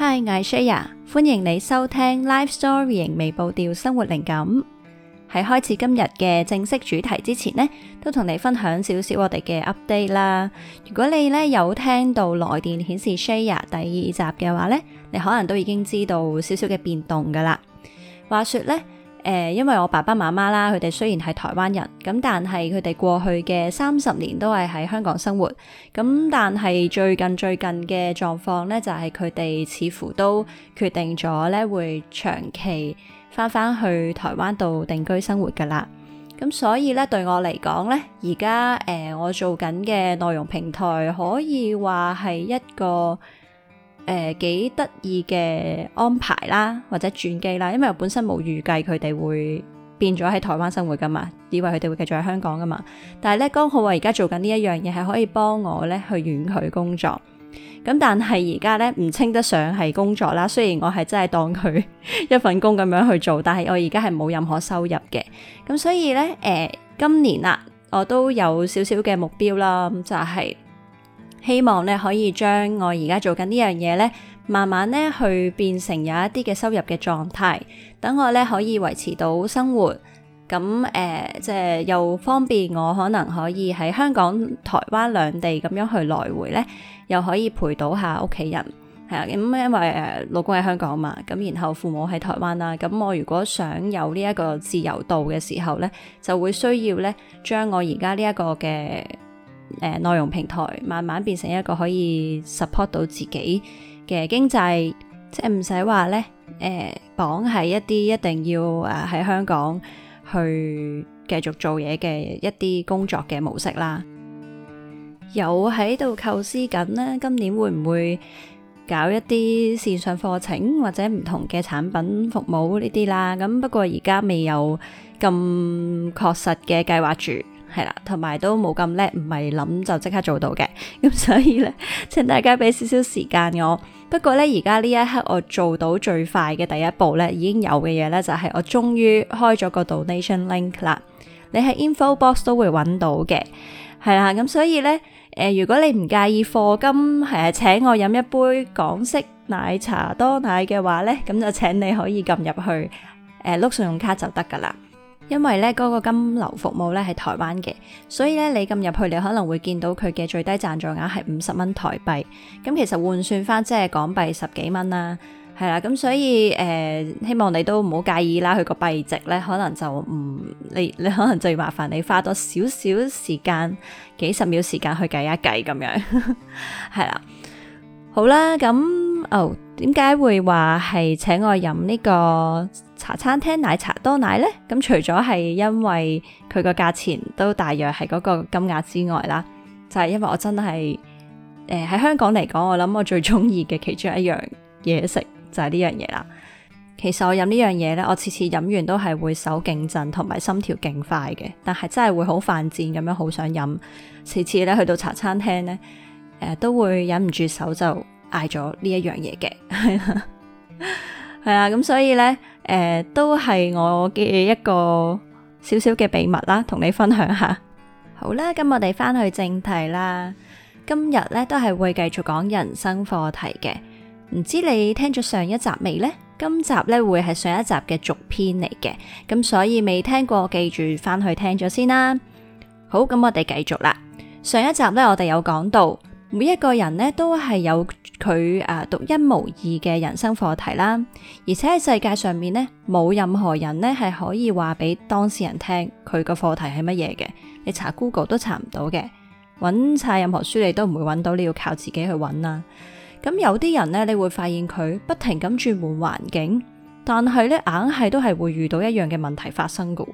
Hi，我係 Shaya，歡迎你收聽《Life Story》微步調生活靈感。喺開始今日嘅正式主題之前呢，都同你分享少少我哋嘅 update 啦。如果你咧有聽到來電顯示 Shaya 第二集嘅話咧，你可能都已經知道少少嘅變動噶啦。話說咧。誒，因為我爸爸媽媽啦，佢哋雖然係台灣人，咁但係佢哋過去嘅三十年都係喺香港生活，咁但係最近最近嘅狀況咧，就係佢哋似乎都決定咗咧，會長期返返去台灣度定居生活㗎喇。咁所以咧，對我嚟講咧，而家誒我做緊嘅內容平台，可以話係一個。誒幾得意嘅安排啦，或者轉機啦，因為我本身冇預計佢哋會變咗喺台灣生活噶嘛，以為佢哋會繼續喺香港噶嘛。但係咧，剛好我而家做緊呢一樣嘢，係可以幫我咧去遠佢工作。咁但係而家咧唔稱得上係工作啦，雖然我係真係當佢一份工咁樣去做，但係我而家係冇任何收入嘅。咁所以咧，誒、呃、今年啊，我都有少少嘅目標啦，就係、是。希望咧可以將我而家做緊呢樣嘢咧，慢慢咧去變成有一啲嘅收入嘅狀態，等我咧可以維持到生活。咁誒，即係又方便我可能可以喺香港、台灣兩地咁樣去來回咧，又可以陪到下屋企人。係啊，咁因為誒老公喺香港嘛，咁然後父母喺台灣啦，咁我如果想有呢一個自由度嘅時候咧，就會需要咧將我而家呢一個嘅。誒，內容平台慢慢變成一個可以 support 到自己嘅經濟，即係唔使話咧，誒綁喺一啲一定要誒喺香港去繼續做嘢嘅一啲工作嘅模式啦。有喺度構思緊咧，今年會唔會搞一啲線上課程或者唔同嘅產品服務呢啲啦。咁不過而家未有咁確實嘅計劃住。係啦，同埋都冇咁叻，唔係諗就即刻做到嘅。咁所以咧，請大家俾少少時間我。不過咧，而家呢一刻我做到最快嘅第一步咧，已經有嘅嘢咧，就係、是、我終於開咗個 donation link 啦。你喺 info box 都會揾到嘅。係啦，咁所以咧，誒、呃，如果你唔介意課金，誒，請我飲一杯港式奶茶多奶嘅話咧，咁就請你可以撳入去，誒、呃，碌信用卡就得噶啦。因為咧，嗰個金流服務咧係台灣嘅，所以咧你撳入去，你可能會見到佢嘅最低贊助額係五十蚊台幣。咁其實換算翻即係港幣十幾蚊啦，係啦。咁所以誒、呃，希望你都唔好介意啦，佢個幣值咧可能就唔，你你可能就要麻煩你花多少少時間，幾十秒時間去計一計咁樣，係 啦。好啦，咁哦，點解會話係請我飲呢、這個茶餐廳奶茶多奶呢，咁除咗係因為佢個價錢都大約係嗰個金額之外啦，就係、是、因為我真係誒喺香港嚟講，我諗我最鍾意嘅其中一樣嘢食就係呢樣嘢啦。其實我飲呢樣嘢呢，我次次飲完都係會手勁震同埋心跳勁快嘅，但係真係會好犯賤咁樣，好想飲。次次咧去到茶餐廳呢，誒、呃、都會忍唔住手就嗌咗呢一樣嘢嘅。 係啊，咁、嗯、所以咧，誒、呃，都係我嘅一個小小嘅秘密啦，同你分享下。好啦，咁我哋翻去正題啦。今日咧都係會繼續講人生課題嘅，唔知你聽咗上一集未呢？今集咧會係上一集嘅續篇嚟嘅，咁所以未聽過記住翻去聽咗先啦。好，咁我哋繼續啦。上一集咧我哋有講到。每一個人咧都係有佢誒獨一無二嘅人生課題啦，而且喺世界上面咧冇任何人咧係可以話俾當事人聽佢個課題係乜嘢嘅，你查 Google 都查唔到嘅，搵晒任何書你都唔會搵到，你要靠自己去搵啦。咁有啲人咧你會發現佢不停咁轉換環境，但係咧硬係都係會遇到一樣嘅問題發生噶。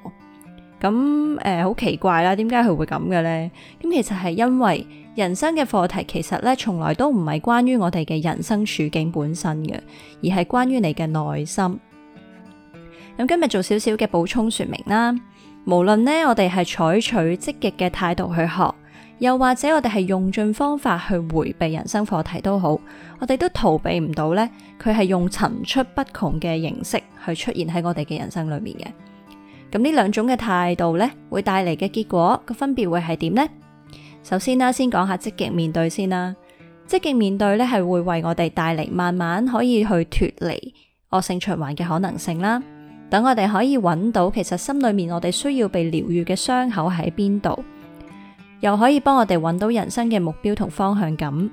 咁誒好奇怪啦，點解佢會咁嘅咧？咁其實係因為。人生嘅課題其實咧，從來都唔係關於我哋嘅人生處境本身嘅，而係關於你嘅內心。咁今日做少少嘅補充說明啦。無論呢，我哋係採取積極嘅態度去學，又或者我哋係用盡方法去回避人生課題都好，我哋都逃避唔到咧。佢係用層出不窮嘅形式去出現喺我哋嘅人生裏面嘅。咁呢兩種嘅態度咧，會帶嚟嘅結果個分別會係點呢？首先啦，先講下積極面對先啦。積極面對咧係會為我哋帶嚟慢慢可以去脫離惡性循環嘅可能性啦，等我哋可以揾到其實心裏面我哋需要被療癒嘅傷口喺邊度，又可以幫我哋揾到人生嘅目標同方向感，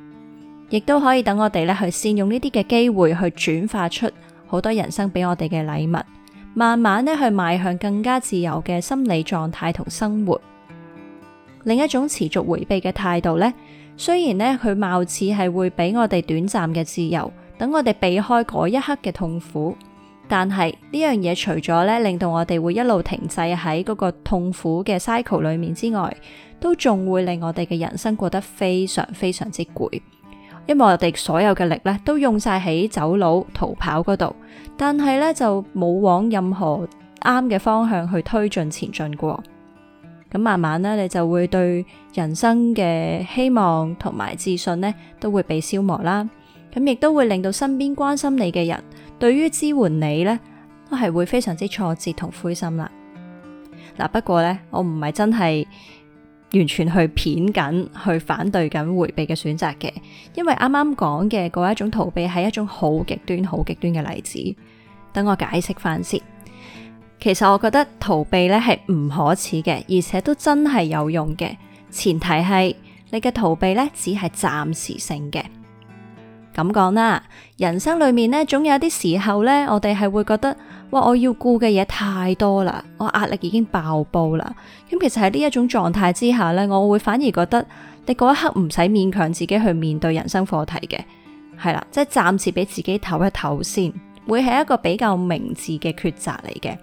亦都可以等我哋咧去善用呢啲嘅機會去轉化出好多人生俾我哋嘅禮物，慢慢咧去邁向更加自由嘅心理狀態同生活。另一種持續回避嘅態度呢，雖然呢佢貌似係會俾我哋短暫嘅自由，等我哋避開嗰一刻嘅痛苦，但係呢樣嘢除咗呢令到我哋會一路停滯喺嗰個痛苦嘅 cycle 裏面之外，都仲會令我哋嘅人生過得非常非常之攰，因為我哋所有嘅力呢都用晒喺走佬、逃跑嗰度，但係呢就冇往任何啱嘅方向去推進前進過。咁慢慢咧,你就會對人生嘅希望同埋自信咧,都會被消磨啦。咁亦都會令到身邊關心你嘅人,對於支援你咧,都係會非常之挫折同灰心啦。嗱、啊,不過咧,我唔係真係完全去片緊,去反對緊回避嘅選擇嘅,因為啱啱講嘅嗰一種逃避係一種好極端、好極端嘅例子。等我解釋返先。其實我覺得逃避咧係唔可恥嘅，而且都真係有用嘅。前提係你嘅逃避咧只係暫時性嘅。咁講啦，人生裏面咧，總有一啲時候咧，我哋係會覺得哇，我要顧嘅嘢太多啦，我壓力已經爆煲啦。咁其實喺呢一種狀態之下咧，我會反而覺得你嗰一刻唔使勉強自己去面對人生課題嘅，係啦，即係暫時俾自己唞一唞先，會係一個比較明智嘅抉擇嚟嘅。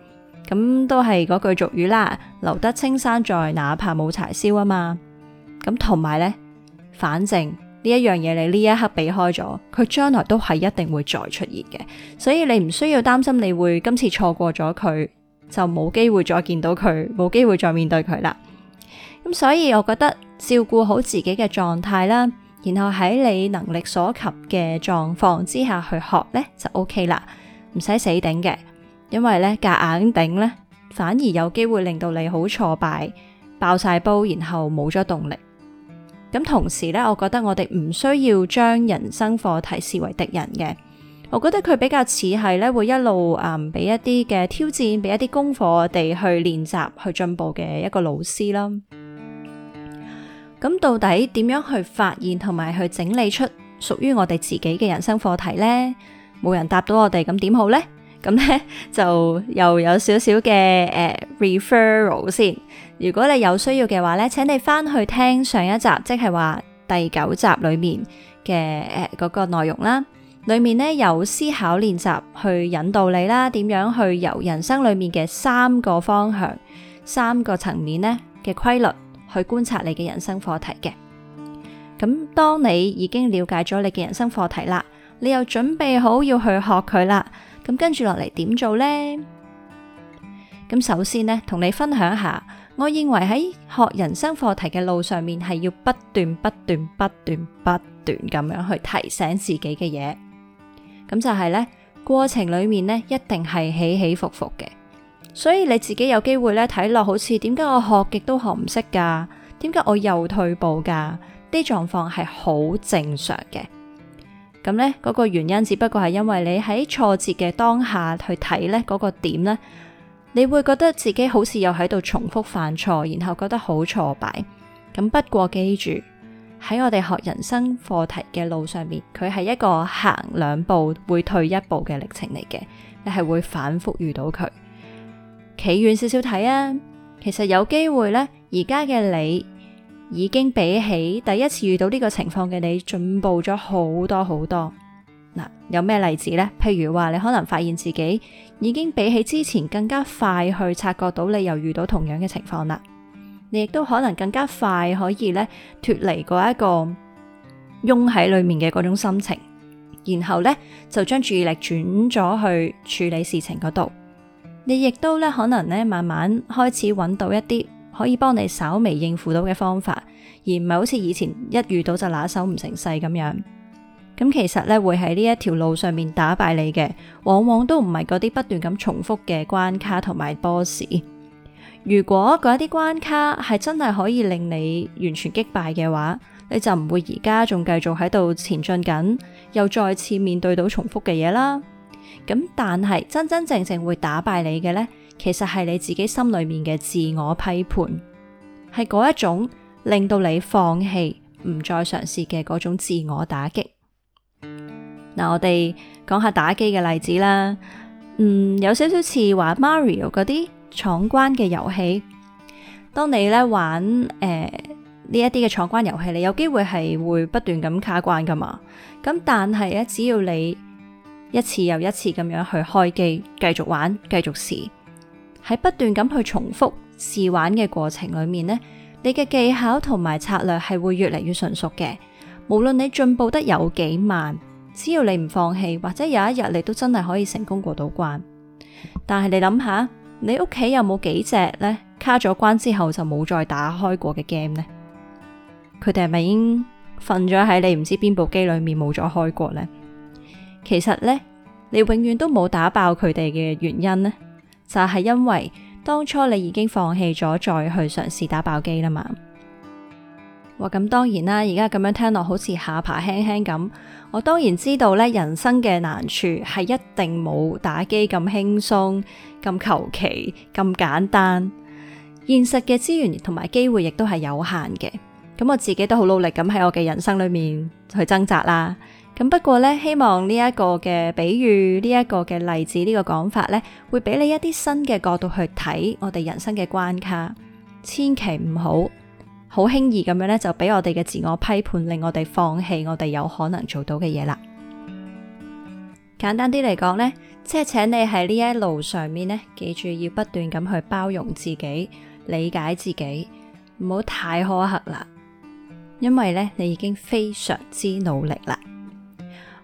咁都係嗰句俗語啦，留得青山在，哪怕冇柴燒啊嘛。咁同埋呢，反正呢一樣嘢你呢一刻避開咗，佢將來都係一定會再出現嘅。所以你唔需要擔心你會今次錯過咗佢，就冇機會再見到佢，冇機會再面對佢啦。咁所以我覺得照顧好自己嘅狀態啦，然後喺你能力所及嘅狀況之下去學呢就 OK 啦，唔使死頂嘅。因為咧，夾硬頂咧，反而有機會令到你好挫敗，爆晒煲，然後冇咗動力。咁同時咧，我覺得我哋唔需要將人生課題視為敵人嘅。我覺得佢比較似係咧，會一路誒俾、嗯、一啲嘅挑戰，俾一啲功課我哋去練習去進步嘅一個老師啦。咁到底點樣去發現同埋去整理出屬於我哋自己嘅人生課題呢？冇人答到我哋，咁點好呢？咁咧就又有少少嘅、呃、referral 先。如果你有需要嘅話咧，請你翻去聽上一集，即係話第九集裏面嘅誒嗰個內容啦。裏面咧有思考練習去引導你啦，點樣去由人生裏面嘅三個方向、三個層面咧嘅規律去觀察你嘅人生課題嘅。咁當你已經了解咗你嘅人生課題啦，你又準備好要去學佢啦。咁跟住落嚟點做呢？咁首先呢，同你分享下，我認為喺學人生課題嘅路上面，係要不斷、不斷、不斷、不斷咁樣去提醒自己嘅嘢。咁就係呢，過程裏面呢，一定係起起伏伏嘅。所以你自己有機會呢，睇落好似點解我學極都學唔識㗎？點解我又退步㗎？啲狀況係好正常嘅。咁呢，嗰個原因只不過係因為你喺挫折嘅當下去睇呢嗰、嗰個點呢，你會覺得自己好似又喺度重複犯錯，然後覺得好挫敗。咁不過記住喺我哋學人生課題嘅路上面，佢係一個行兩步會退一步嘅歷程嚟嘅，你係會反覆遇到佢。企遠少少睇啊，其實有機會呢，而家嘅你。已經比起第一次遇到呢個情況嘅你進步咗好多好多。嗱，有咩例子呢？譬如話你可能發現自己已經比起之前更加快去察覺到你又遇到同樣嘅情況啦。你亦都可能更加快可以咧脫離嗰一個擁喺裏面嘅嗰種心情，然後咧就將注意力轉咗去處理事情嗰度。你亦都咧可能咧慢慢開始揾到一啲。可以幫你稍微應付到嘅方法，而唔係好似以前一遇到就拿手唔成勢咁樣。咁其實咧會喺呢一條路上面打敗你嘅，往往都唔係嗰啲不斷咁重複嘅關卡同埋 boss。如果嗰一啲關卡係真係可以令你完全擊敗嘅話，你就唔會而家仲繼續喺度前進緊，又再次面對到重複嘅嘢啦。咁但係真真正正會打敗你嘅呢。其實係你自己心裏面嘅自我批判，係嗰一種令到你放棄唔再嘗試嘅嗰種自我打擊。嗱，我哋講下打機嘅例子啦。嗯，有少少似玩 Mario 嗰啲闖關嘅遊戲。當你咧玩誒呢一啲嘅闖關遊戲，你有機會係會不斷咁卡關噶嘛。咁但係咧，只要你一次又一次咁樣去開機，繼續玩，繼續試。喺不斷咁去重複試玩嘅過程裏面呢，你嘅技巧同埋策略係會越嚟越純熟嘅。無論你進步得有幾慢，只要你唔放棄，或者有一日你都真係可以成功過到關。但係你諗下，你屋企有冇幾隻呢？卡咗關之後就冇再打開過嘅 game 咧？佢哋係咪已經瞓咗喺你唔知邊部機裏面冇再開過呢？其實呢，你永遠都冇打爆佢哋嘅原因呢，就係因為當初你已經放棄咗再去嘗試打爆機啦嘛。哇，咁當然啦，而家咁樣聽落好似下巴輕輕咁。我當然知道咧，人生嘅難處係一定冇打機咁輕鬆、咁求其、咁簡單。現實嘅資源同埋機會亦都係有限嘅。咁我自己都好努力咁喺我嘅人生裏面去掙扎啦。咁不過咧，希望呢一個嘅比喻，呢一個嘅例子，呢個講法咧，會俾你一啲新嘅角度去睇我哋人生嘅關卡。千祈唔好，好輕易咁樣咧，就俾我哋嘅自我批判令我哋放棄我哋有可能做到嘅嘢啦。簡單啲嚟講咧，即係請你喺呢一路上面咧，記住要不斷咁去包容自己，理解自己，唔好太苛刻啦。因為咧，你已經非常之努力啦。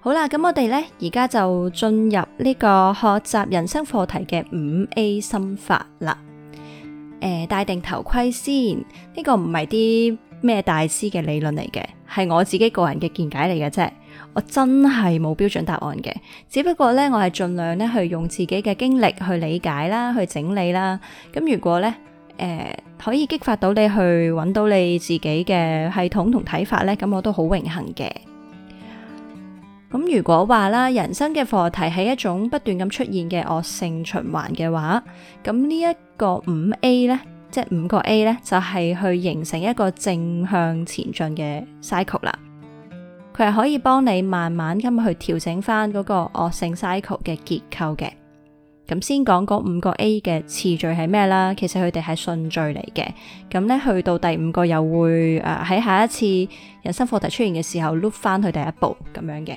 好啦，咁我哋呢，而家就進入呢個學習人生課題嘅五 A 心法啦。誒、呃，戴定頭盔先，呢、這個唔係啲咩大師嘅理論嚟嘅，係我自己個人嘅見解嚟嘅啫。我真係冇標準答案嘅，只不過呢，我係盡量呢去用自己嘅經歷去理解啦，去整理啦。咁如果呢，誒、呃、可以激發到你去揾到你自己嘅系統同睇法呢，咁我都好榮幸嘅。咁如果話啦，人生嘅課題係一種不斷咁出現嘅惡性循環嘅話，咁呢一個五 A 咧，即係五個 A 咧，就係、是、去形成一個正向前進嘅 cycle 啦。佢係可以幫你慢慢咁去調整翻嗰個惡性 cycle 嘅結構嘅。咁先講嗰五個 A 嘅次序係咩啦？其實佢哋係順序嚟嘅。咁咧去到第五個又會誒喺、呃、下一次人生課題出現嘅時候碌 o o 翻去第一步咁樣嘅。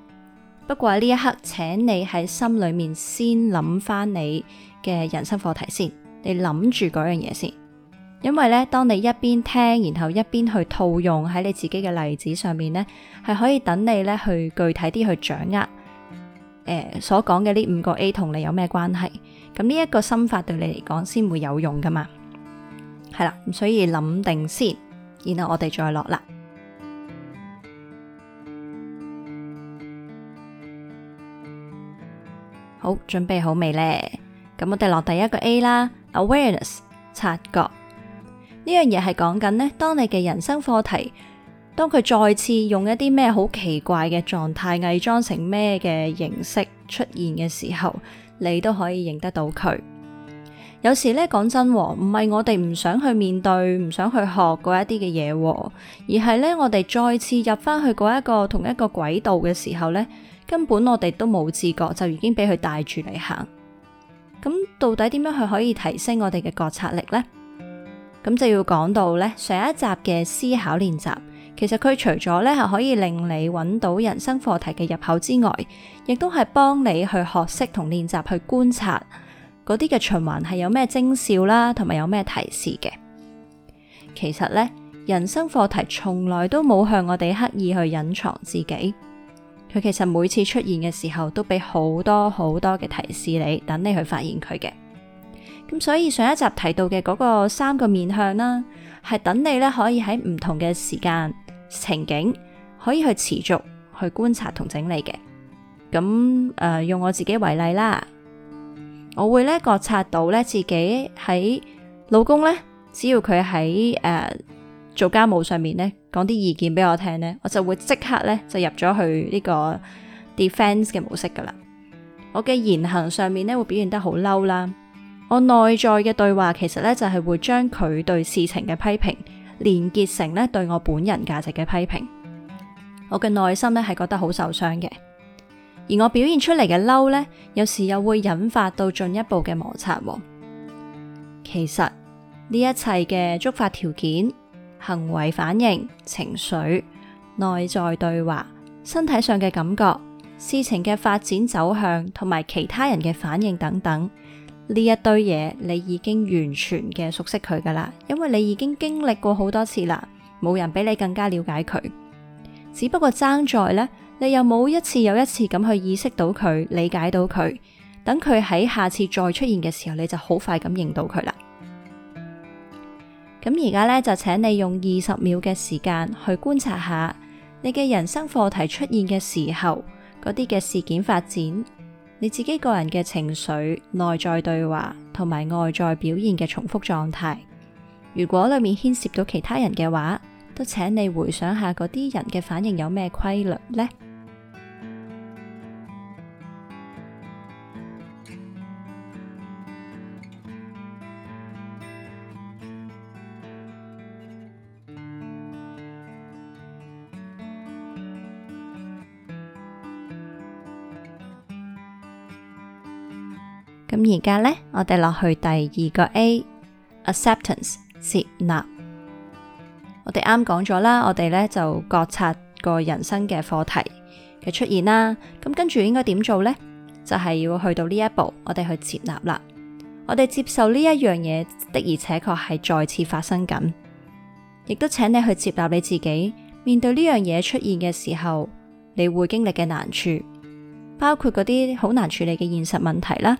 不過呢一刻，請你喺心裏面先諗翻你嘅人生課題先，你諗住嗰樣嘢先。因為咧，當你一邊聽，然後一邊去套用喺你自己嘅例子上面咧，係可以等你咧去具體啲去掌握，誒、呃，所講嘅呢五個 A 同你有咩關係？咁呢一個心法對你嚟講先會有用噶嘛？係啦，所以諗定先，然後我哋再落啦。好，準備好未呢？咁我哋落第一個 A 啦，Awareness，察覺呢樣嘢係講緊呢：當你嘅人生課題，當佢再次用一啲咩好奇怪嘅狀態，偽裝成咩嘅形式出現嘅時候，你都可以認得到佢。有時咧講真，唔係我哋唔想去面對，唔想去學嗰一啲嘅嘢，而係呢，我哋再次入翻去嗰一個同一個軌道嘅時候呢。根本我哋都冇自覺，就已經俾佢帶住嚟行。咁到底點樣去可以提升我哋嘅覺察力呢？咁就要講到呢：上一集嘅思考練習，其實佢除咗呢係可以令你揾到人生課題嘅入口之外，亦都係幫你去學識同練習去觀察嗰啲嘅循環係有咩徵兆啦，同埋有咩提示嘅。其實呢，人生課題從來都冇向我哋刻意去隱藏自己。佢其實每次出現嘅時候，都俾好多好多嘅提示你，等你去發現佢嘅。咁所以上一集提到嘅嗰個三個面向啦，係等你咧可以喺唔同嘅時間、情景，可以去持續去觀察同整理嘅。咁誒、呃，用我自己為例啦，我會咧覺察到咧自己喺老公咧，只要佢喺誒，呃做家務上面咧，講啲意見俾我聽咧，我就會即刻咧就入咗去呢個 defense 嘅模式噶啦。我嘅言行上面咧會表現得好嬲啦。我內在嘅對話其實咧就係會將佢對事情嘅批評連結成咧對我本人價值嘅批評。我嘅內心咧係覺得好受傷嘅，而我表現出嚟嘅嬲咧，有時又會引發到進一步嘅摩擦喎。其實呢一切嘅觸發條件，行為反應、情緒、內在對話、身體上嘅感覺、事情嘅發展走向同埋其他人嘅反應等等，呢一堆嘢你已經完全嘅熟悉佢㗎啦，因為你已經經歷過好多次啦，冇人比你更加了解佢。只不過爭在呢，你又冇一次又一次咁去意識到佢、理解到佢，等佢喺下次再出現嘅時候，你就好快咁認到佢啦。咁而家咧，就請你用二十秒嘅時間去觀察下你嘅人生課題出現嘅時候，嗰啲嘅事件發展，你自己個人嘅情緒、內在對話同埋外在表現嘅重複狀態。如果裏面牽涉到其他人嘅話，都請你回想下嗰啲人嘅反應有咩規律呢？咁而家咧，我哋落去第二個 A Acceptance 接納。我哋啱講咗啦，我哋咧就覺察個人生嘅課題嘅出現啦。咁跟住應該點做呢？就係、是、要去到呢一步，我哋去接納啦。我哋接受呢一樣嘢的，而且確係再次發生緊，亦都請你去接納你自己面對呢樣嘢出現嘅時候，你會經歷嘅難處，包括嗰啲好難處理嘅現實問題啦。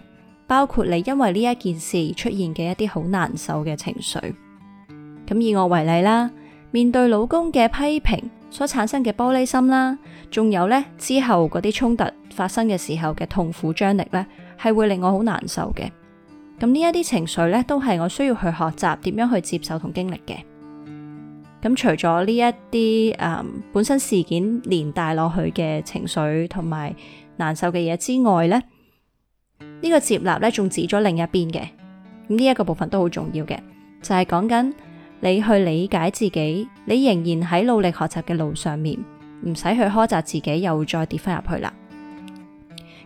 包括你因為呢一件事出現嘅一啲好難受嘅情緒，咁以我為例啦，面對老公嘅批評所產生嘅玻璃心啦，仲有呢之後嗰啲衝突發生嘅時候嘅痛苦張力呢，係會令我好難受嘅。咁呢一啲情緒呢，都係我需要去學習點樣去接受同經歷嘅。咁除咗呢一啲誒本身事件連帶落去嘅情緒同埋難受嘅嘢之外呢，呢個接納咧，仲指咗另一邊嘅咁呢一個部分都好重要嘅，就係講緊你去理解自己，你仍然喺努力學習嘅路上面，唔使去苛責自己，又再跌翻入去啦。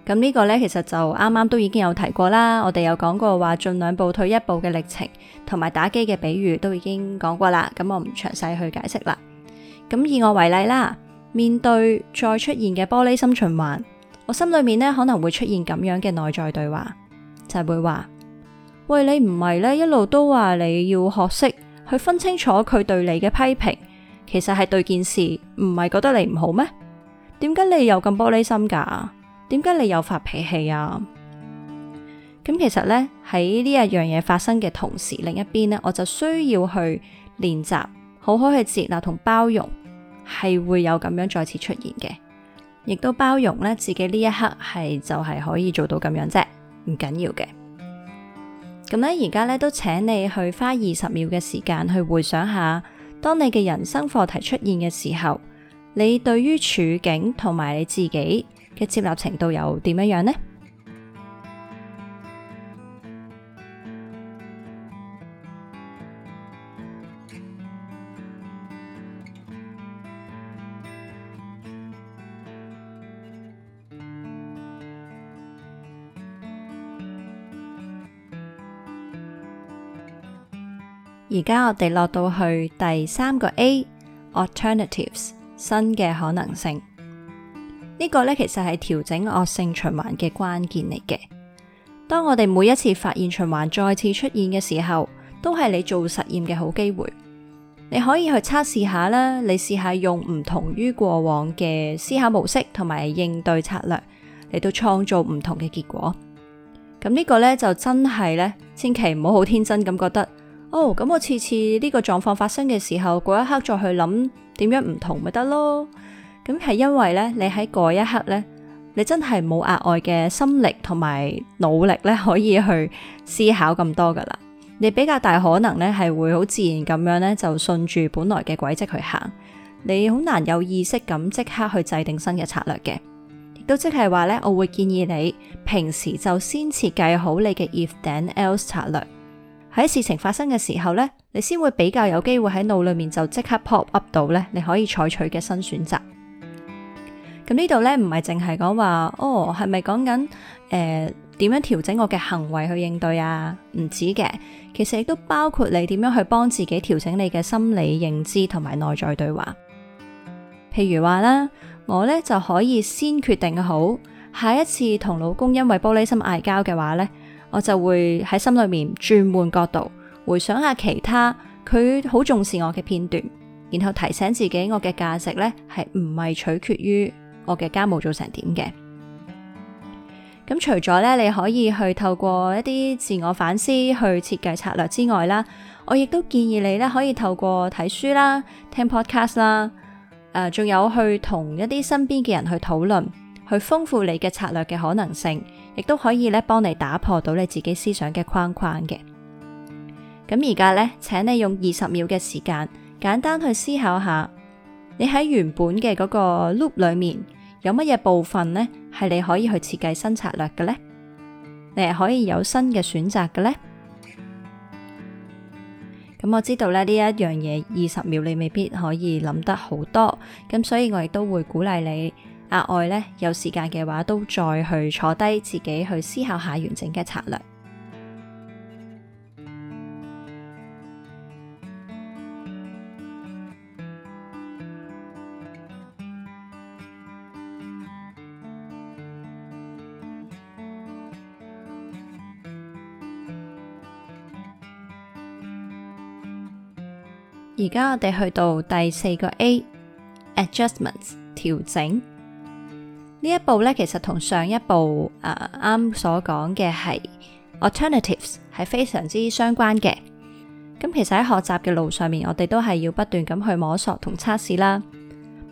咁、這、呢個咧，其實就啱啱都已經有提過啦。我哋有講過話，進兩步退一步嘅歷程，同埋打機嘅比喻都已經講過啦。咁我唔詳細去解釋啦。咁以我為例啦，面對再出現嘅玻璃心循環。我心裏面咧可能會出現咁樣嘅內在對話，就係會話：喂，你唔係咧一路都話你要學識去分清楚佢對你嘅批評，其實係對件事唔係覺得你唔好咩？點解你又咁玻璃心噶點解你又發脾氣啊？咁其實咧喺呢一樣嘢發生嘅同時，另一邊咧我就需要去練習好好去接納同包容，係會有咁樣再次出現嘅。亦都包容咧，自己呢一刻係就係、是、可以做到咁樣啫，唔緊要嘅。咁咧而家咧都請你去花二十秒嘅時間去回想下，當你嘅人生課題出現嘅時候，你對於處境同埋你自己嘅接納程度又點樣樣呢？而家我哋落到去第三個 A alternatives 新嘅可能性，這個，呢個咧，其實係調整惡性循環嘅關鍵嚟嘅。當我哋每一次發現循環再次出現嘅時候，都係你做實驗嘅好機會。你可以去測試下啦，你試下用唔同於過往嘅思考模式同埋應對策略嚟到創造唔同嘅結果。咁呢個咧就真係咧，千祈唔好好天真咁覺得。哦，咁我次次呢個狀況發生嘅時候，嗰一刻再去諗點樣唔同咪得咯？咁係因為呢，你喺嗰一刻呢，你真係冇額外嘅心力同埋努力咧，可以去思考咁多噶啦。你比較大可能呢，係會好自然咁樣呢，就順住本來嘅軌跡去行。你好難有意識咁即刻去制定新嘅策略嘅，亦都即係話呢，我會建議你平時就先設計好你嘅 if then else 策略。喺事情發生嘅時候呢，你先會比較有機會喺腦裏面就即刻 pop up 到呢，你可以採取嘅新選擇。咁呢度呢，唔係淨係講話，哦，係咪講緊誒點樣調整我嘅行為去應對啊？唔止嘅，其實亦都包括你點樣去幫自己調整你嘅心理認知同埋內在對話。譬如話啦，我呢就可以先決定好，下一次同老公因為玻璃心嗌交嘅話呢。我就會喺心裏面轉換角度，回想下其他佢好重視我嘅片段，然後提醒自己，我嘅價值咧係唔係取決於我嘅家務做成點嘅。咁、嗯、除咗咧，你可以去透過一啲自我反思去設計策略之外啦，我亦都建議你咧可以透過睇書啦、聽 podcast 啦、誒、呃，仲有去同一啲身邊嘅人去討論，去豐富你嘅策略嘅可能性。亦都可以咧，幫你打破到你自己思想嘅框框嘅。咁而家呢，請你用二十秒嘅時間，簡單去思考下，你喺原本嘅嗰個 loop 裏面有乜嘢部分呢？係你可以去設計新策略嘅呢？誒，你係可以有新嘅選擇嘅呢。咁我知道咧呢一樣嘢，二十秒你未必可以諗得好多，咁所以我亦都會鼓勵你。額外呢，有時間嘅話，都再去坐低自己去思考下完整嘅策略。而家我哋去到第四個 A Adjustments 調整。呢一步咧，其實同上一步誒啱啊所講嘅係 alternatives 係非常之相關嘅。咁其實喺學習嘅路上面，我哋都係要不斷咁去摸索同測試啦。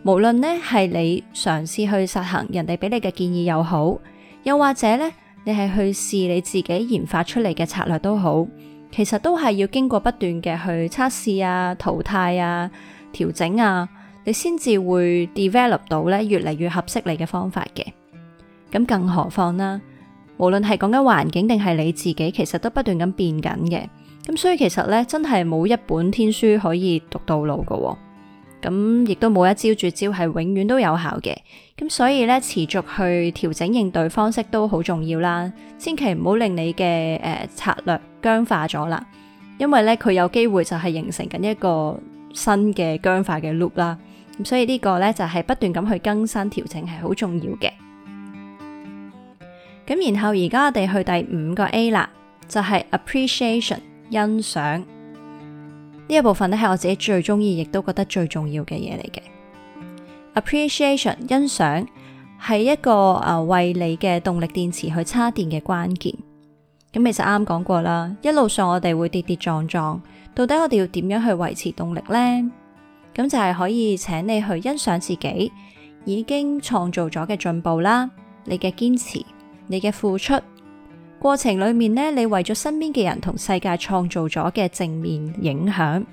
無論呢係你嘗試去實行人哋俾你嘅建議又好，又或者呢，你係去試你自己研發出嚟嘅策略都好，其實都係要經過不斷嘅去測試啊、淘汰啊、調整啊。你先至會 develop 到咧越嚟越合適你嘅方法嘅，咁更何況啦，無論係講緊環境定係你自己，其實都不斷咁變緊嘅，咁所以其實咧真係冇一本天書可以讀到老㗎。哦，咁亦都冇一招絕招係永遠都有效嘅，咁所以咧持續去調整應對方式都好重要啦，千祈唔好令你嘅誒、呃、策略僵化咗啦，因為咧佢有機會就係形成緊一個新嘅僵化嘅 loop 啦。所以呢個咧就係不斷咁去更新調整，係好重要嘅。咁然後而家我哋去第五個 A 啦，就係 appreciation 欣賞呢一部分咧，係我自己最中意，亦都覺得最重要嘅嘢嚟嘅。appreciation 欣賞係一個誒為你嘅動力電池去叉電嘅關鍵。咁其實啱講過啦，一路上我哋會跌跌撞撞，到底我哋要點樣去維持動力呢？咁就係可以請你去欣賞自己已經創造咗嘅進步啦，你嘅堅持，你嘅付出，過程裏面呢，你為咗身邊嘅人同世界創造咗嘅正面影響，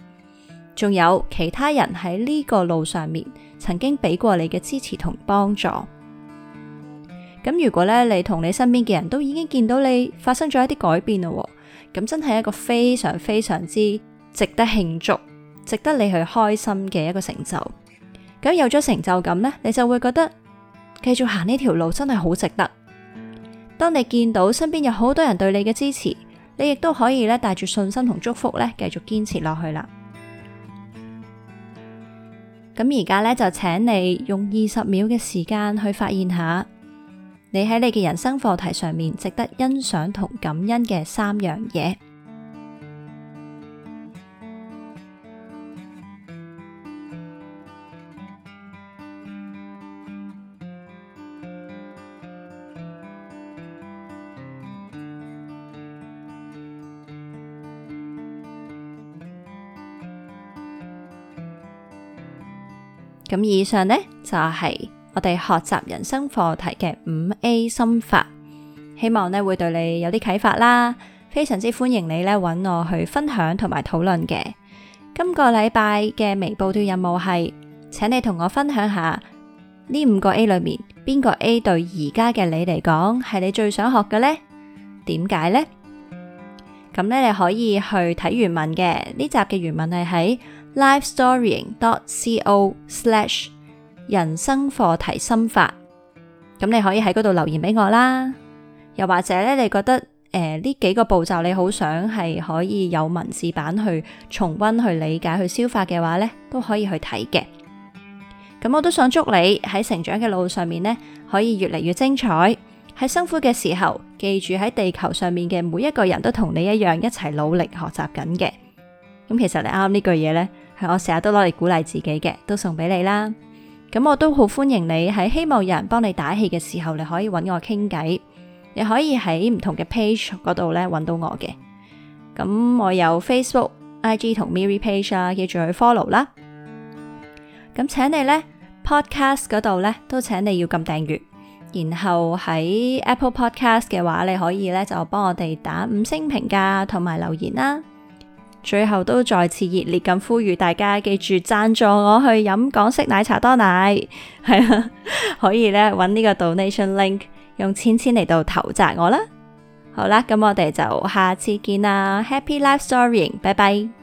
仲有其他人喺呢個路上面曾經俾過你嘅支持同幫助。咁如果咧，你同你身邊嘅人都已經見到你發生咗一啲改變啦，咁真係一個非常非常之值得慶祝。值得你去開心嘅一個成就，咁有咗成就感呢，你就會覺得繼續行呢條路真係好值得。當你見到身邊有好多人對你嘅支持，你亦都可以咧帶住信心同祝福咧繼續堅持落去啦。咁而家呢，就請你用二十秒嘅時間去發現下，你喺你嘅人生課題上面值得欣賞同感恩嘅三樣嘢。咁以上呢，就係、是、我哋學習人生課題嘅五 A 心法，希望呢會對你有啲啟發啦。非常之歡迎你呢搵我去分享同埋討論嘅。今個禮拜嘅微報端任務係，請你同我分享下呢五個 A 裏面邊個 A 對而家嘅你嚟講係你最想學嘅呢？點解呢？咁呢你可以去睇原文嘅。呢集嘅原文係喺。LifeStorying.co/slash 人生課題心法，咁你可以喺嗰度留言俾我啦。又或者咧，你覺得誒呢、呃、幾個步驟你好想係可以有文字版去重溫、去理解、去消化嘅話咧，都可以去睇嘅。咁我都想祝你喺成長嘅路上面咧，可以越嚟越精彩。喺辛苦嘅時候，記住喺地球上面嘅每一個人都同你一樣一齊努力學習緊嘅。咁其實你啱呢句嘢咧。我成日都攞嚟鼓勵自己嘅，都送俾你啦。咁我都好歡迎你喺希望有人幫你打氣嘅時候，你可以揾我傾偈，你可以喺唔同嘅 page 嗰度咧揾到我嘅。咁我有 Facebook、IG 同 Miri Page 啊，記住去 follow 啦。咁請你呢 Podcast 嗰度呢都請你要撳訂閱，然後喺 Apple Podcast 嘅話，你可以呢就幫我哋打五星評價同埋留言啦。最後都再次熱烈咁呼籲大家記住贊助我去飲港式奶茶多奶係啊， 可以咧揾呢個 donation link 用千千嚟到投擲我啦。好啦，咁我哋就下次見啦，Happy Life Story，拜拜。